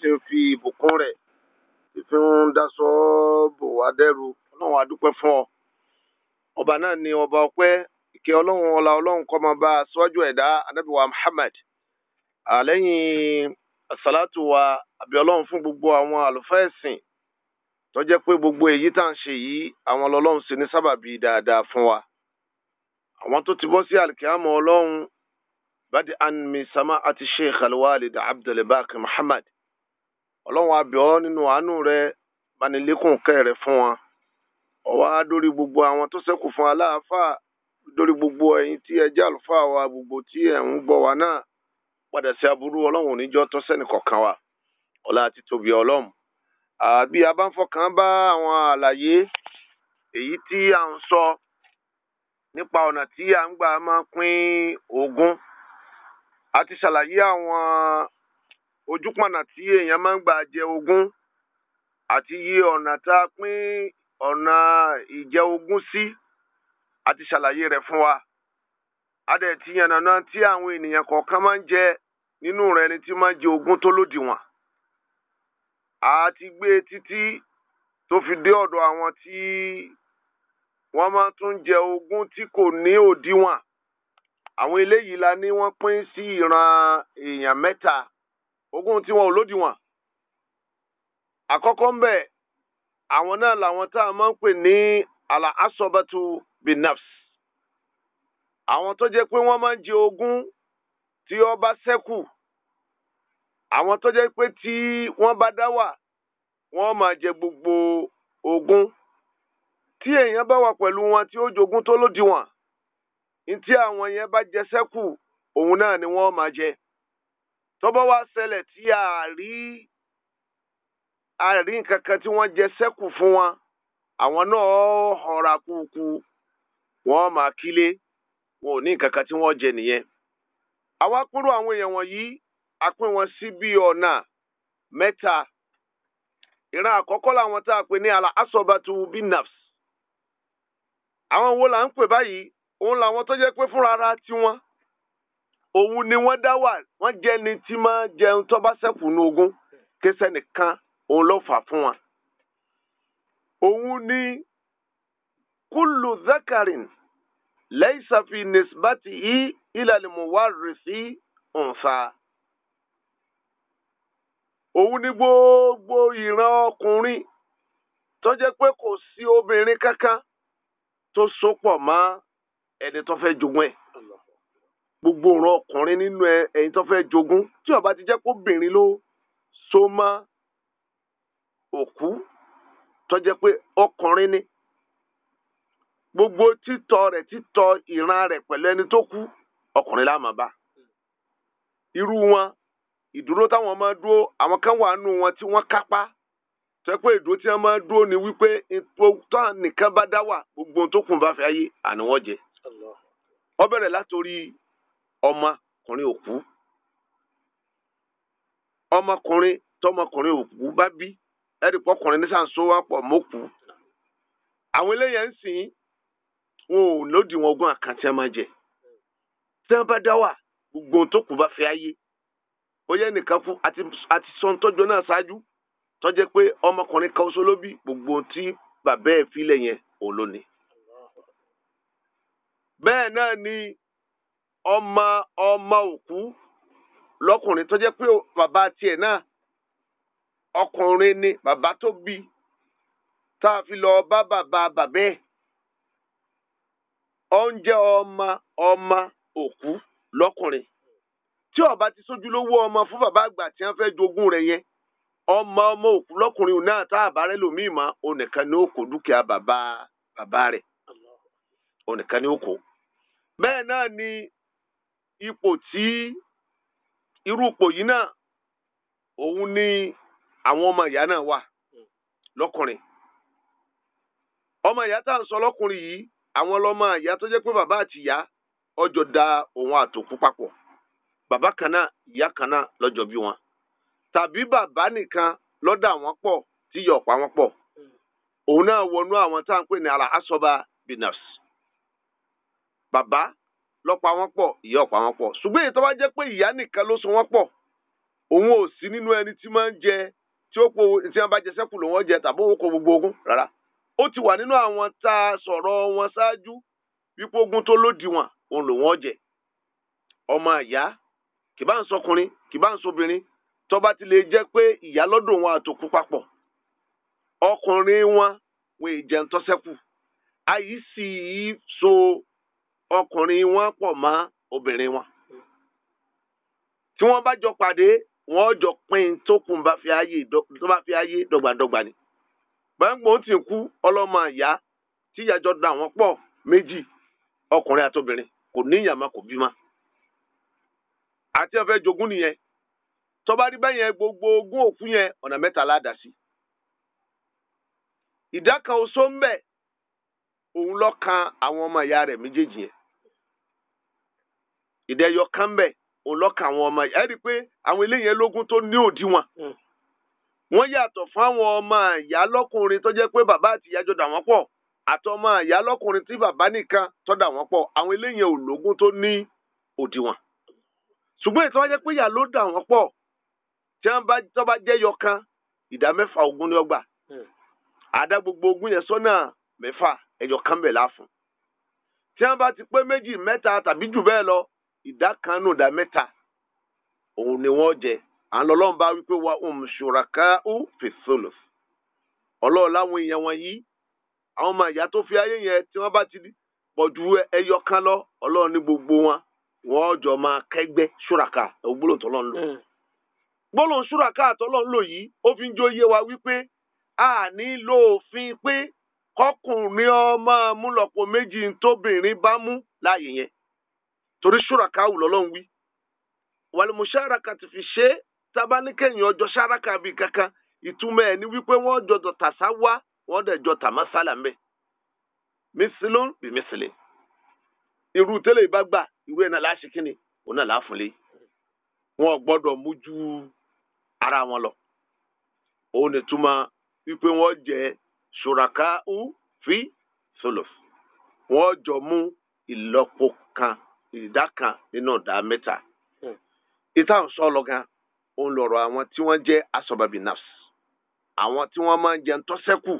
ṣe ń fi ìbùkún rẹ̀ ìfi ń daṣọ bò wá dẹ́rù ọlọ́run adúpẹ́ fún ọ. ọba náà ni ọba ọpẹ́ ìkẹ́ ọlọ́run ọlá ọlọ́run kó máa bá aṣáájú ẹ̀dá anábìwá Muhammad àlẹ́yìn àsálàtù wa àbí ọlọ́run fún gbogbo àwọn àlùfáà ẹ̀sìn tó jẹ́ pé gbogbo èyí tá à ń ṣe yìí àwọn ọlọ́run ṣe ní sábàbí dáadáa fún wa. àwọn tó ti bọ́ sí àlìkíyàmọ̀ ọlọ́run badi anmi sama ati sheikh alwalid abdulbaki Muhammad ọlọ́run abẹ́ ọ nínú àánú rẹ bánilékùn kẹ́ rẹ fún wọn ọwọ́ á dórí gbogbo àwọn tó ṣẹ́kù fún aláàfáà dórí gbogbo ẹ̀yin tí ẹ jẹ́ àlùfáà wa gbogbo tí ẹ̀ ń gbọ́ wa náà padà sí aburú ọlọ́run oníjọ́ tó sẹ́nìkọ̀ọ̀kan wa ọlá àti tóbi ọlọ́run àbí a bá ń fọkàn bá àwọn àlàyé èyí tí à ń sọ nípa ọ̀nà tí à ń gbà máa pín ogún a ṣàlàyé àwọn ojúpọ̀nà tí èèyàn máa ń gbà jẹ ogún àti iye ọ̀nà tá a pín ọ̀nà ìjẹ ogún sí a ṣàlàyé rẹ̀ fún wa a ti yànnàná tí àwọn ènìyàn kọ̀ọ̀kan máa ń jẹ nínú rẹ̀ ni tí máa ń jẹ ogún tó lòdìwọ̀n a ti gbé e títí tó fi dé ọ̀dọ̀ àwọn tí wọ́n máa tún jẹ ogún tí kò ní òdiwọ̀n àwọn eléyìí la ní wọ́n pín sí ìran èèyàn mẹ́ta ogún tiwọn ò lódiwọ̀n àkọ́kọ́ ń bẹ àwọn náà làwọn tá a máa ń pè ní àlà asọ́bàtú binafs àwọn tó jẹ́ pé wọ́n máa ń jẹ ogún tí ó bá ṣẹ́kù àwọn tó jẹ́ pé tí wọ́n bá dá wà wọ́n máa jẹ gbogbo ogún tí èèyàn bá wà pẹ̀lú wọn tí ó jogún tó lódiwọ̀n ní tí àwọn yẹn bá jẹ ṣẹ́kù òun náà ni wọ́n máa jẹ. tọ́bọ̀ wá ṣẹlẹ̀ tí a rí a rí nǹkan kan tí wọ́n jẹ sẹ́kù fún wọn àwọn náà họra kúkú wọn máa kílé wọn ò ní nǹkan kan tí wọ́n jẹ nìyẹn. àwa kúrò àwọn èèyàn wọ̀nyí a pín wọn sí bí ọ̀nà mẹ́ta ìran àkọ́kọ́ làwọn tá a pè ní àlà asọ̀bàtú binafs àwọn wo là ń pè báyìí òun làwọn tó jẹ́ pé fúnra ara tiwọn òun ni wọ́n dá wà wọ́n jẹ́ ni tí máa jẹun tó bá ṣẹ́kù ní ogún kẹsẹ́ nìkan òun ló fà fún wa. òun ni kúlù zakarin laysa fi nisbati yí ìlàlẹ̀ muwarisi unsa. òun ni gbogbo ìran ọkùnrin tó jẹ́ pé kò sí obìnrin kankan tó so mọ́ ẹni tó fẹ́ jogún ẹ̀ gbogbo ọ̀rọ̀ ọkùnrin nínú ẹ̀yin tó fẹ́ jogún tí ó bá ti jẹ́ kóbìnrin ló so mọ́ òkú tó jẹ́ pé ọkùnrin ni gbogbo títọ́ rẹ̀ títọ́ ìran rẹ̀ pẹ̀lú ẹni tó kú ọkùnrin láàmú bá irú wọn ìdúró táwọn máa dúró àwọn kan wà nù wọn tí wọ́n kápá tó jẹ́ pé ìdúró tí wọ́n máa dúró ni wípé tó nìkan bá dá wà gbogbo ohun tó kùn bá fẹ́ ayé àníwọ̀n jẹ ó bẹ̀rẹ̀ látòrí ọmọkùnrin òkú ọmọkùnrin tọmọkùnrin òkú bá bí ẹ̀rí pọkùnrin ní sàǹsó wà pọ̀ mọ́kù àwọn eléyẹ̀ ń sìn wọn ò lòdì wọn ogún àkàntì ẹ̀ máa jẹ tí wọn bá dá wà gbogbo tó kù bá fẹ́ ayé ó yẹ nìkan kú àti sọ́ńtọ́jọ náà ṣáájú tọ́jẹ́ pé ọmọkùnrin kan ṣoṣo ló bí gbogbo tí bàbá ẹ̀ filẹ̀ yẹn òun ló ni. náà ni ọmọ ọmọ òkú lọkùnrin tó jẹ́ pé bàbá tiẹ̀ náà ọkùnrin ni bàbá tó bí tá a fi lọ bá bàbá bàbá ẹ̀ ó ń jẹ́ ọmọ ọmọ òkú lọkùnrin tí ọba ti sójú lówó ọmọ fún bàbá àgbà tí wọ́n fẹ́ẹ́ jogún rẹ̀ yẹn ọmọ ọmọ òkú lọkùnrin náà tá a bá rẹ lòmíì mọ onìkan ni ó kó dúkìá bàbá bàbá rẹ̀ onìkan ni ó kó náà ni ipò tí irú ipò yìí náà òun ni àwọn ọmọ ìyá náà wà lọkùnrin. ọmọ ìyá tá à ń sọ lọkùnrin yìí àwọn lọ́mọ ìyá tó jẹ́ pé bàbá àti ìyá ọjọ́ da òun àtòkú papọ̀ bàbá kan náà ìyá kan náà lọ́jọ́ bí wọn tàbí bàbá nìkan lọ́dà wọn pọ̀ tí yọ̀ pa wọn pọ̀ òun náà wọnú àwọn tá à ń pè ní ara asọba binas bàbá ló pa wọ́n pọ̀ ìyá ó pa wọ́n pọ̀ ṣùgbọ́n èyí tó bá jẹ́ pé ìyá nìkan ló so wọ́n pọ̀ òun ò sí nínú ẹni tí máa ń jẹ tí ó po tí wọ́n bá jẹ sẹ́kù lòun ó jẹ tàbí òun kò gbogbo ogun rárá ó ti wà nínú àwọn tá a sọ̀rọ̀ wọn ṣáájú wípé ogun tó lòdì òun lòun ó jẹ ọmọ ìyá kì bá ń sọkùnrin kì bá ń sobìnrin tó bá ti lè jẹ́ pé ìyá lọ́dọ̀ wọn àtòkù papọ̀ ọkùnrin wọn wọn ìjẹun tó ṣẹ́kù àyíṣì yìí so ọkùnrin wọn pọ̀ mọ́ obìnrin wọn tí wọ́n bá jọ pàdé wọ́n jọ pín tó kùn bá fi ayé tó bá fi ayé dọ́gbadọ́gba ni gbàngbò tí ń kú ọlọ́mọ àyá tí ìyàjọ da wọ́n pọ̀ méjì ọkùnrin àtobìnrin kò ní ìyàmá kò bímọ àti ó fẹ́ jogún nìyẹn tó bá rí bẹ́yẹn gbogbo ogún òkú yẹn ọ̀nà mẹ́ta láàdá sí ìdá kan oṣó ń bẹ òun lọ kan àwọn ọmọ ìyá rẹ̀ méjèèjì yẹn ìdẹ́yọ kánbẹ̀ òun lọ́ka àwọn ọmọ yìí ẹ́ rí i pé àwọn eléyìí lógún tó ní òdiwọ̀n hmm. wọ́n yàtọ̀ fún àwọn ọmọ ìyá lọ́kùnrin tó jẹ́ pé bàbá àti ìyá jọ dà wọ́n pọ̀ àtọmọ ìyá lọ́kùnrin tí bàbá nìkan tó dà wọ́n pọ̀ àwọn eléyìí ò lógún tó ní òdiwọ̀n ṣùgbọ́n ìtọ́ jẹ́ pé ìyá ló dà wọ́n pọ̀ tí wọ́n bá tọ́ bá jẹ́ yọkan ìdá mẹ́fà ogún ni ọgbà àdá hmm. gbogbo ogún yẹn sọ́nà mẹ́fà ẹ̀yọkan bẹ̀ láàfún tí wọ́n bá ti pé méjì mẹ́ta tàbí jù bẹ́ẹ̀ lọ ìdá ìdá mẹ́ta òun ni wọ́n jẹ àwọn wípé wa um ṣùràká ó fèsòlò ọlọ́run láwọn èèyàn wọn yìí àwọn ọmọ ìyá tó fi ayé yẹn tí wọ́n bá ti pọ̀ ju ẹyọ kan lọ ọlọ́run ní gbogbo wọn wọ́n jọ máa kẹ́gbẹ́ ògbólóhùn tó lọ́n lò mm. gbólóhùn lò yìí ó fi ń jó yé wa wípé a pé kọkùnrin ọmọ méjì tóbìnrin bá mú láàyè yẹn torí ṣúraka wùlọ́lọ́hún wí wàlúmù ṣáraka ti fi ṣe tabaníkẹyìn ọjọ́ ṣáraka bíi kankan ìtumọ̀ ẹ̀ ni wípé wọ́n jọ tàṣà wá wọ́n dẹ̀ jọ tàmásálà ń bẹ̀ mísìlún bí mísìlín irú tẹ́lẹ̀ ìbá gbà irú ẹ̀ náà láṣì kínni òun náà láàfúnlé wọn gbọ́dọ̀ mú ju ara wọn lọ òun ni túmọ̀ wípé wọ́n jẹ ṣùràká u fi solof wọ́n jọ mú ìlọ́po kan ìdá kan nínú ìdá mẹ́ta hmm. ìtàn sọlọ gan òun lọ́rọ̀ àwọn tí wọ́n jẹ́ asọ̀bàbí nafs àwọn tí wọ́n máa ń jẹ ntọ́sẹ́kù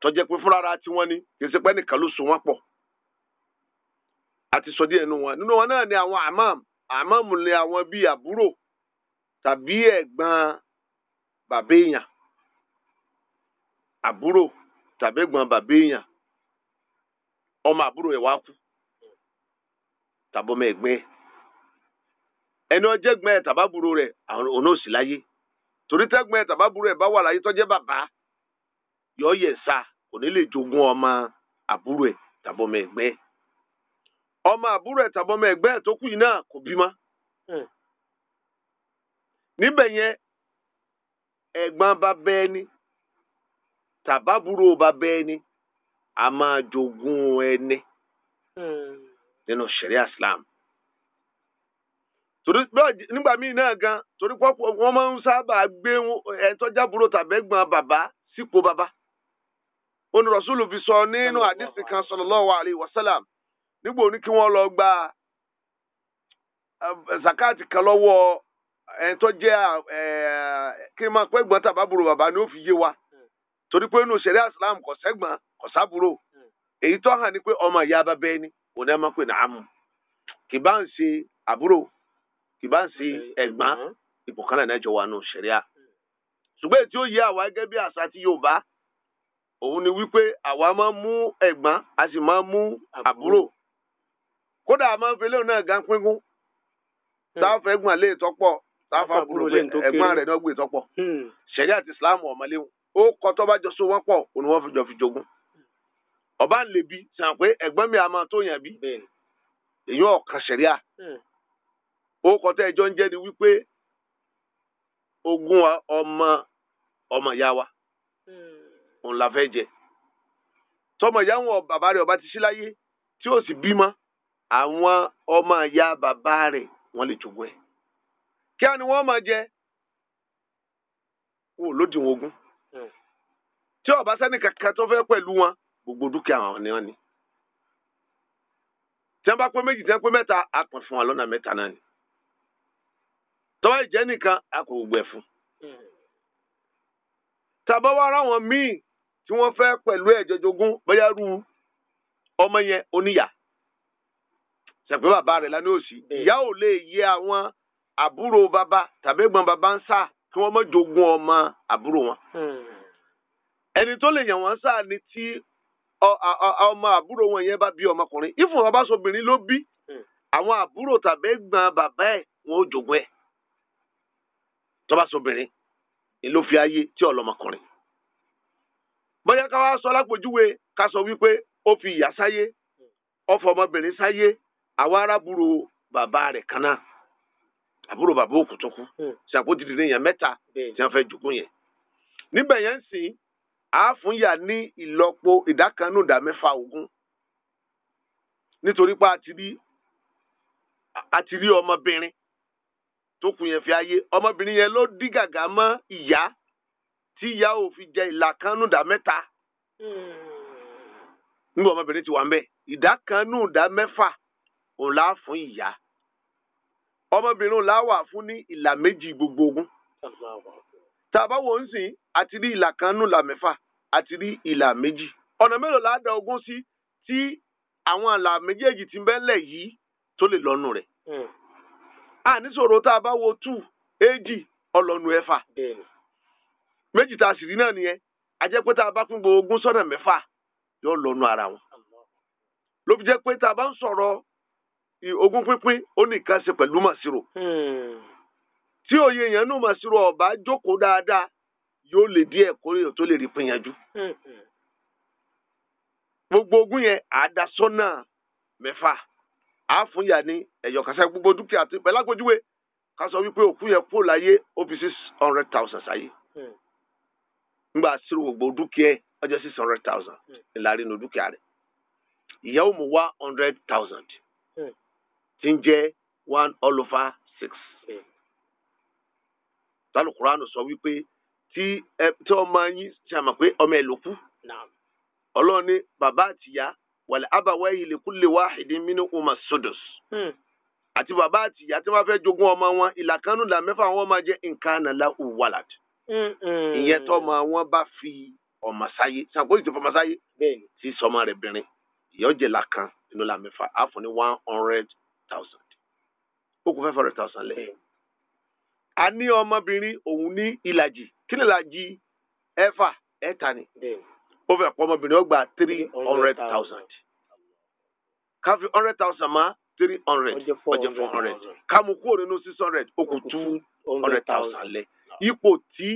tọ́jẹ́ pé fúnra tí wọ́n ní kì í ṣe pé nìkan ló so wọ́n pọ̀ àti sọ díẹ̀ nínú wọn nínú wọn náà ni àwọn àmàm àmàm lè àwọn bíi àbúrò tàbí ẹ̀gbọ́n bàbá èèyàn àbúrò tàbí ẹ̀gbọ́n bàbá èèyàn ọmọ àbúrò ẹ̀ wá kú tàbọ́mọ ẹ̀gbẹ́ ẹ̀ ẹni ọjẹ́gbọ́n ẹ̀ tàbábúrò rẹ̀ àwọn òun ò sì láyé torí tẹ́gbọ́n ẹ̀ tàbábúrò ẹ̀ bá wà láyé tọ́jẹ́ bàbá yọ yẹ̀ sá kò ní lè jogún ọmọ àbúrò ẹ̀ tàbọ́mọ ẹ̀gbẹ́ ẹ̀ ọmọ àbúrò ẹ̀ tàbọ́mọ ẹ̀gbẹ́ ẹ̀ tó kù yìí náà kò bímọ. Hmm. níbẹ̀ yẹn ẹ̀gbọ́n bàbá ẹni tàbábúrò bàbá ẹni a máa jogún ẹni. Hmm nínú ṣẹ̀ríà Islam torí nígbà míì náà gan torí pọ́pọ́ wọ́n máa ń sábà gbé ẹ̀ńtọ́jábúrò tàbẹ́gbọ́n bàbá sípò bàbá onu rasulu fi sọ nínú àdìsí kan sallallahu alayhi wa sallam nígbà òní kí wọ́n lọ gba eh, zakati kan lọ́wọ́ ẹ̀ńtọ́ jẹ́ eh, kí n máa pẹ́ gbọ́n tàbábúrò bàbá ni ó fi yé wa torí pé inú ṣẹ̀ríà Islam kò sẹ́gbọ́n kò sábúrò hmm. èyí tó hàn ní pé ọmọ ìyá bàbá ẹni òun náà máa pè ní amú kì bá ń ṣe àbúrò kì bá ń ṣe ẹ̀gbọ́n ìbùkánlẹ náà jọ wà nù ṣẹríà ṣùgbọ́n èyí tí ó yẹ àwa gẹ́gẹ́ bí àṣà ti Yorùbá òun ni wípé àwa máa mú ẹ̀gbọ́n a sì máa mú àbúrò kódà a máa ń fi eléyìí náà gan pínkún sáfẹ́ hmm. ẹ̀gbọ́n àlẹ́ ìtọ́pọ̀ sáfẹ́ àbúrò ẹ̀gbọ́n rẹ̀ náà gbé ìtọ́pọ̀ hmm. ṣẹ̀ríà àti Islam ọ̀mọ́léwu ó kọ́ tó bá pọ̀ òun ni wọ́n fi jọ fi jogún ọba ń lebi sàn pé ẹ̀gbọ́n mi àmọ́ tó yàn bí èyí ọkàn sẹríà ó hmm. kọtẹ ẹjọ ń jẹ ni wípé ogún ọmọ ọmọ ìyá wa hmm. òun la fẹ́ jẹ tọmọ ìyá wọn bàbá rẹ̀ ọba ti sí láyé tí ó sì bímọ àwọn ọmọ ìyá bàbá rẹ̀ wọn lè jogún ẹ kí á ni wọn máa jẹ wọn lódiwọn ogún hmm. tí ọba sẹni kankan tó fẹ́ pẹ̀lú wọn gbogbo dúkìá àwọn ni wọ́n ní tí wọ́n bá pé méjì tí wọ́n pé mẹ́ta a pín fún wa lọ́nà mẹ́ta náà ni tọ́wọ́ ìjẹ́ nìkan a kò gbẹ fún tàbá wa ara wọn míì tí wọ́n fẹ́ pẹ̀lú ẹ̀jẹ̀ jogún bóyá rú ọmọ yẹn oníyà ṣàpẹ́ bàbá rẹ̀ lánàá òsì ìyá ò lè yẹ àwọn àbúrò bàbá tàbí ẹ̀gbọ́n bàbá ń sá kí wọ́n má jogún ọmọ àbúrò wọn hmm. ẹni tó lè yàn wọ́n sá ni tí ọmọ àbúrò wọn yẹn bá bí ọmọkùnrin ìfún bàbá sobìnrin ló bí hmm. àwọn àbúrò tàbí gbọn bàbá ẹ wọn ò jogún ẹ tọba sobìnrin ni ló fi ayé tí ọlọmọkùnrin bóyá ká wá sọ lápèjúwe ká sọ wípé ó fi ìyá sáyé ọfọ ọmọbìnrin sáyé àwa arábùrò bàbá rẹ kan náà àbúrò bàbá òkú hmm. ṣàpótìdì ní èèyàn mẹ́ta tí wọn fẹẹ jogún yẹn níbẹ̀ yẹn ń sìn á fún yà ní ìlọ́po ìdákanú ìdá mẹ́fà ogún nítorí pé a ti rí a ti rí ọmọbìnrin tó kù yẹn fi ayé ọmọbìnrin yẹn ló dí gàgà mọ́ ìyá tí ìyá ò fi jẹ ìlàkanú ìdá mẹ́ta hmm. nígbà ọmọbìnrin ti wà ń ìdákanú ìdá mẹ́fà òun là fún ìyá ọmọbìnrin òun là wà fún ní ìlà méjì gbogbo ogún tá a ń sìn àti rí ìlà kan nù là mẹ́fà àti rí ìlà méjì ọ̀nà mélòó la dá ogún sí tí àwọn àlà méjèèjì ti bẹ́lẹ̀ yìí tó lè lọ́nu rẹ̀. Hmm. a níṣòro tá a bá wo two éjì ọlọ́nu ẹ̀fà méjì tá a sì rí náà nìyẹn a jẹ́ pé tá a bá pín gbogbo ogún sọ́nà mẹ́fà yóò lọ́nu ara wọn. ló fi jẹ́ pé tá a bá ń sọ̀rọ̀ ogún pínpín ó nìkan ṣe pẹ̀lú màsírò. Hmm. tí òye èèyàn nù màsírò ọ̀bá jókòó dáadáa yóò lè díẹ̀ kórè tó lè rí pin yanjú. Hmm. gbogbo ogún yẹn àdásọ́nà mẹ́fà á fún yà ní ẹ̀yọ̀ kásá gbogbo dúkìá tó pẹ̀lú àgbójúwe ká sọ wípé òkú yẹn kúrò láyé ó six hundred thousand sáyé. Hmm. nígbà sírò gbogbo dúkìá ọjọ́ six hundred thousand ìlàrí hmm. inú dúkìá rẹ̀ ìyá ò mú one hundred thousand tí ń jẹ́ one all over six. tálùkùránù sọ wípé tí ẹ tí ọmọ yín ṣàmọ̀ pé ọmọ ẹ ló kú. ọlọ́run ní bàbá àtìyá wàlẹ̀ àbàwọ̀ ẹ̀yìn lè kú lè wá ìdí mínú ọmọ sódòs. Hmm. àti bàbá àtìyá tí wọ́n fẹ́ jogún ọmọ wọn ìlàkánú là mẹ́fà wọn máa jẹ́ nǹkan nàlá òwàlàd. Hmm, hmm. ìyẹn tọ́mọ wọn bá fi ọmọ sáyé sàkóyè tó fọmọ sáyé sí sọmọ rẹ̀ bìnrin ìyọ́jẹ̀ là inú là mẹ́fà àfọ̀ ní one hundred thousand ó kù five hundred thousand lẹ́yìn. a ní ọmọbìnrin òun ní ìlàjì kí ni ìlàjì ẹ̀fà ẹ̀ta ni ó fẹ́ pọ́ ọmọbìnrin ó gba three hundred thousand ká fi hundred thousand ma three hundred ọjọ four hundred kàmú kúrò nínú six hundred ó kù two hundred thousand lẹ ipò tí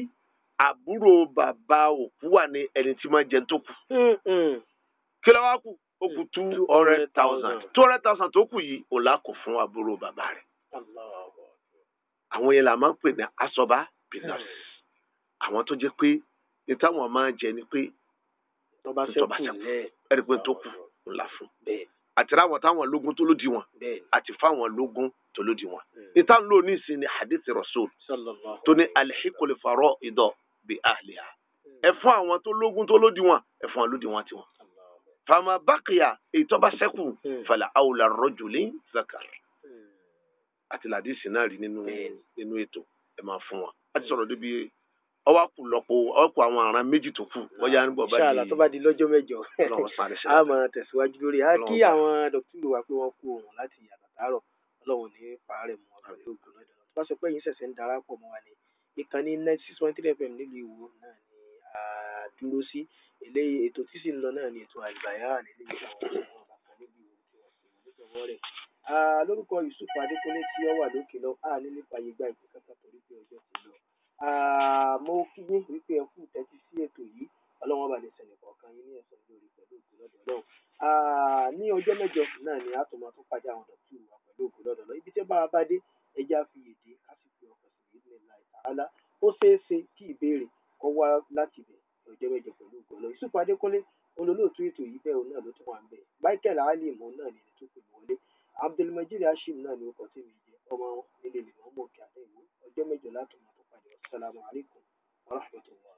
àbúrò bàbá òkú wà ní ẹni tí máa jẹ tó kù kí ló wá kù ó kù two hundred thousand two hundred thousand tó kù yìí ò lákò fún àbúrò bàbá rẹ àwọn yẹn là máa ń pè ní asọba pinas hmm àwọn tó jẹ́ pé ní táwọn máa jẹ ni pé tọba sẹkù ẹni pé tó kù ńlá fún àti ráwọn táwọn lógún tó lòdì wọn àti fáwọn lógún tó lòdì wọn hmm. ní táwọn lò ní ìsìn hadithi rasul tó ní alihikul faraido bi ahliha hmm. ẹ fún àwọn tó lógún tó lòdì wọn ẹ fún àwọn lòdì wọn tiwọn fama bakiya èyí tọba sẹkù hmm. fala awla rajulin zakar àti làdí sinari nínú ètò ẹ máa fún wọn àti sọ̀rọ̀ débi ọwọ́ kù lọ́pọ̀ ọwọ́ kù àwọn àràn méjì tó kù wọ́n yá ní bọ̀bá ṣáàlà tó bá di lọ́jọ́ mẹ́jọ a máa tẹ̀síwájú lórí e. a kí àwọn dókítà wa pé wọ́n kú òun láti yàtọ̀ tààrọ̀ ọlọ́run ní pààrẹ̀ mọ́ ọ̀rọ̀ yóò gùn náà dọ̀rọ̀ tó bá sọ pé yín ṣẹ̀ṣẹ̀ ń darapọ̀ mọ́ wa ni ìkànnì ninety six point three fm nílùú ìwò náà ni a dúró sí eléyìí ètò tí sì ń lọ náà ni ètò àlùbáyà nílùú ìwò lórúkọ Yusuf Adékúnlé tí ó wà lókè lọ Ah, mo kí yín wípé ẹ kú ìtẹ́tí sí ètò yìí. Ọlọ́run ọba lè sọ̀rọ̀ kọ̀ọ̀kan yín ní ẹ̀sán lórí pẹ̀lú ògùn lọ́dọ̀ Ọlọ́run. Ah, ní ọjọ́ mẹ́jọ náà ni a tó máa tún pàdé àwọn dọ̀tí wa pẹ̀lú ògùn lọ́dọ̀ Ibi tí bá a bá dé, ẹja fi èdè kásìkò ọkàn sí ìdílé láì tààlà. Ó ṣeé ṣe kí ìbéèrè kó wá láti ibẹ̀ ọjọ́ mẹ́jọ pẹ̀lú ògùn Ọlọ́run. Yusuf Adékọ́lé, olólùtú ètò yìí bẹ́ẹ̀ náà ló tún wà ń bẹ̀. Michael Alim náà ni ẹni tó pè wọlé. Abdulmajid Hashim náà ni ó kọ́ sí mi jẹ ọmọ ilé ìlú ọmọ òkè àtẹ̀wé ọjọ́ mẹ́jọ látọ̀ والسلام عليكم ورحمة الله